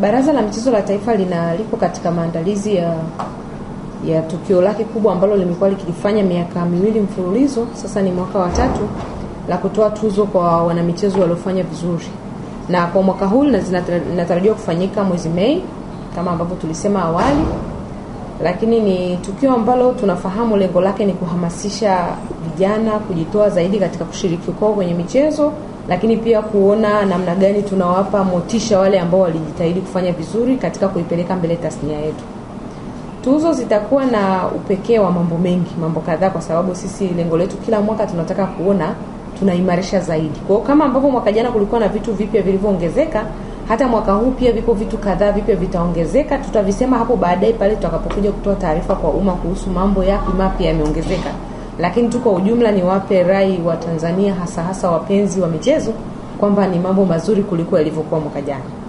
Baraza la Michezo la Taifa lina liko katika maandalizi ya ya tukio lake kubwa ambalo limekuwa likifanya miaka miwili mfululizo, sasa ni mwaka wa tatu, la kutoa tuzo kwa wanamichezo waliofanya vizuri, na kwa mwaka huu linatarajiwa kufanyika mwezi Mei kama ambavyo tulisema awali, lakini ni tukio ambalo tunafahamu lengo lake ni kuhamasisha vijana kujitoa zaidi katika kushiriki kwao kwenye michezo lakini pia kuona namna gani tunawapa motisha wale ambao walijitahidi kufanya vizuri katika kuipeleka mbele tasnia yetu. Tuzo zitakuwa na upekee wa mambo mengi, mambo kadhaa, kwa sababu sisi lengo letu kila mwaka tunataka kuona tunaimarisha zaidi. Kwa kama ambavyo mwaka jana kulikuwa na vitu vipya vilivyoongezeka, hata mwaka huu pia viko vitu kadhaa vipya vitaongezeka. Tutavisema hapo baadaye pale tutakapokuja kutoa taarifa kwa umma kuhusu mambo yapi mapya yameongezeka lakini tu kwa ujumla niwape rai wa Tanzania hasa hasa wapenzi wa michezo kwamba ni mambo mazuri kuliko yalivyokuwa mwaka jana.